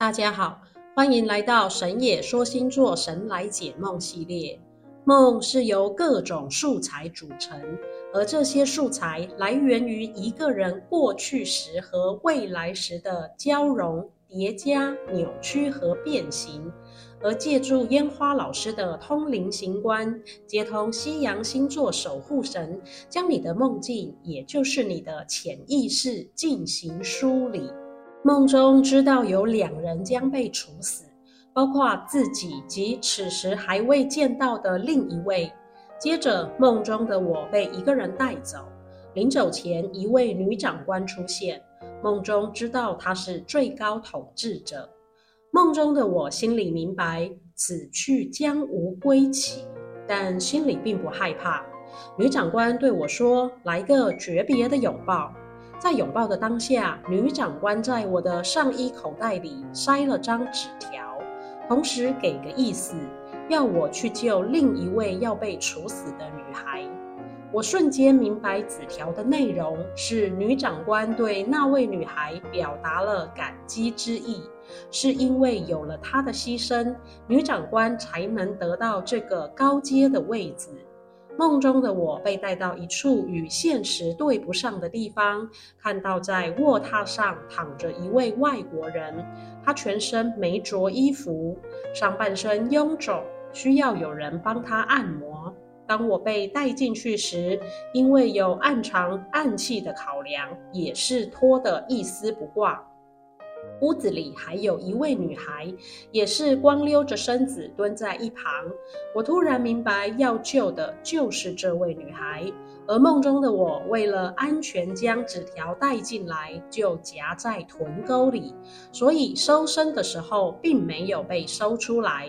大家好，歡迎來到神野說星座神來解夢系列。夢是由各種素材組成，而這些素材來源於一個人過去時和未來時的交融、疊加、扭曲和變形。而借助煙花老師的通靈行官，接通西洋星座守護神，將你的夢境，也就是你的潛意識進行梳理。夢中知道有兩人將被處死，包括自己及此時還未見到的另一位。接着，夢中的我被一個人帶走，臨走前，一位女長官出現。夢中知道她是最高統治者。夢中的我心裡明白此去將無歸期，但心裡並不害怕。女長官對我說：“來個訣別的擁抱。”在擁抱的當下，女長官在我的上衣口袋裡塞了張紙條，同時給個意思，要我去救另一位要被處死的女孩。我瞬間明白，紙條的內容是女長官對那位女孩表達了感激之意，是因為有了她的犧牲，女長官才能得到這個高階的位子。夢中的我被帶到一處與現實對不上的地方，看到在臥榻上躺着一位外國人，他全身沒着衣服，上半身臃腫，需要有人幫他按摩。當我被帶進去時，因為有暗藏暗器的考量，也是脫得一絲不掛。屋子裡還有一位女孩，也是光溜着身子蹲在一旁。我突然明白，要救的就是這位女孩。而夢中的我，為了安全將紙條帶進來，就夾在臀溝裡，所以搜身的時候並沒有被搜出來。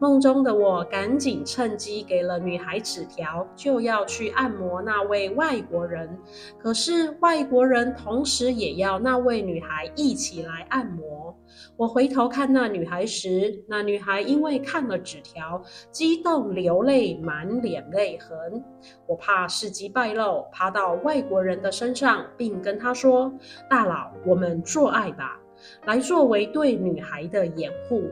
夢中的我趕緊趁機給了女孩紙條，就要去按摩那位外國人。可是外國人同時也要那位女孩一起來按摩。我回頭看那女孩時，那女孩因為看了紙條，激動流淚，滿臉淚痕。我怕事跡敗露，爬到外國人的身上，並跟他說：“大佬，我們做愛吧，來作為對女孩的掩護。”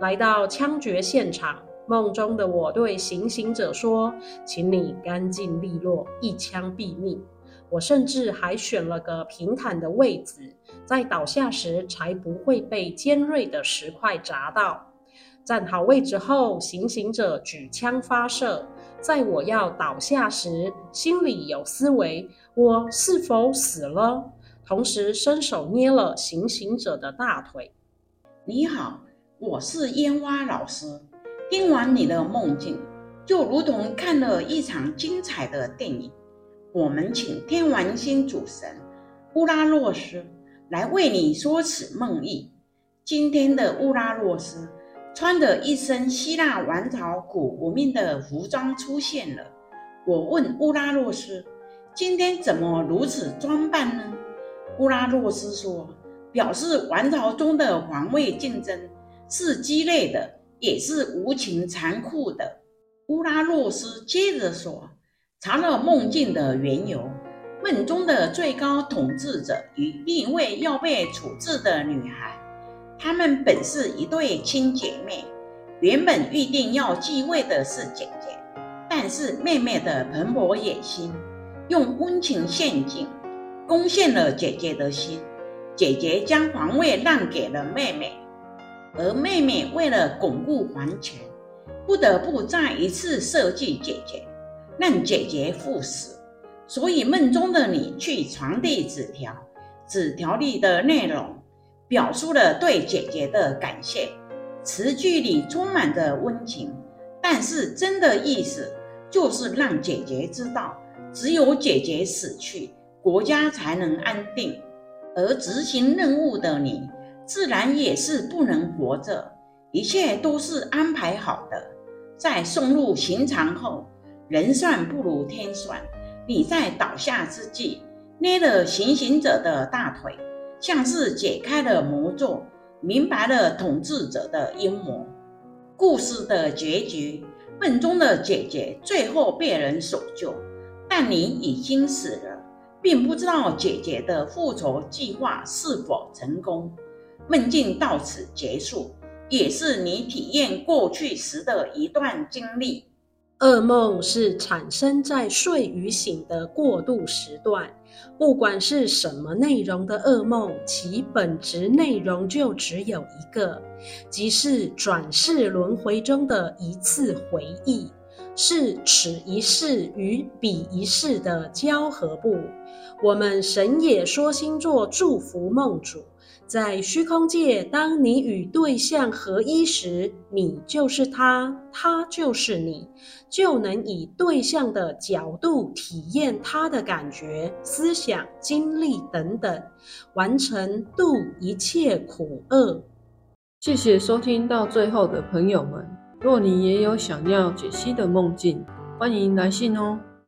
來到槍決現場，夢中的我對行刑者說：“請你乾淨利落，一槍斃命。”我甚至還選了個平坦的位置，在倒下時才不會被尖銳的石塊砸到。站好位置後，行刑者舉槍發射。在我要倒下時，心裡有思維：我是否死了？同時伸手捏了行刑者的大腿。你好。我是煙花老師，聽完你的夢境，就如同看了一場精彩的電影。我們請天王星主神烏拉洛斯來為你說此夢意。今天的烏拉洛斯穿着一身希臘王朝古文明的服裝出現了。我問烏拉洛斯，今天怎麼如此裝扮呢？烏拉洛斯說，表示王朝中的皇位競爭。是激烈的，也是無情殘酷的。烏拉諾斯接着說：“查了夢境的緣由，夢中的最高統治者與另一位要被處置的女孩，她們本是一對親姐妹。原本預定要繼位的是姐姐，但是妹妹的蓬勃野心，用溫情陷阱攻陷了姐姐的心，姐姐將皇位讓給了妹妹。”而妹妹為了鞏固皇權，不得不再一次設計姐姐，讓姐姐赴死。所以夢中的你去傳遞紙條，紙條裡的內容表述了對姐姐的感謝，詞句裡充滿着溫情，但是真的意思就是讓姐姐知道，只有姐姐死去，國家才能安定。而執行任務的你，自然也是不能活着，一切都是安排好的。在送入刑場後，人算不如天算。你在倒下之際，捏了行刑者的大腿，像是解開了魔咒，明白了統治者的陰謀。故事的結局，夢中的姐姐最後被人所救，但你已經死了，並不知道姐姐的復仇計劃是否成功。夢境到此結束，也是你體驗過去時的一段經歷。噩夢是產生在睡與醒的過渡時段，不管是什麼內容的噩夢，其本質內容就只有一個，即是轉世輪回中的一次回憶，是此一世與彼一世的交合部。我們神野說星座祝福夢主。在虛空界，當你與對象合一時，你就是他，他就是你，就能以對象的角度體驗他的感覺、思想、經歷等等，完成度一切苦厄。謝謝收聽到最後的朋友們，若你也有想要解析的夢境，歡迎來信哦。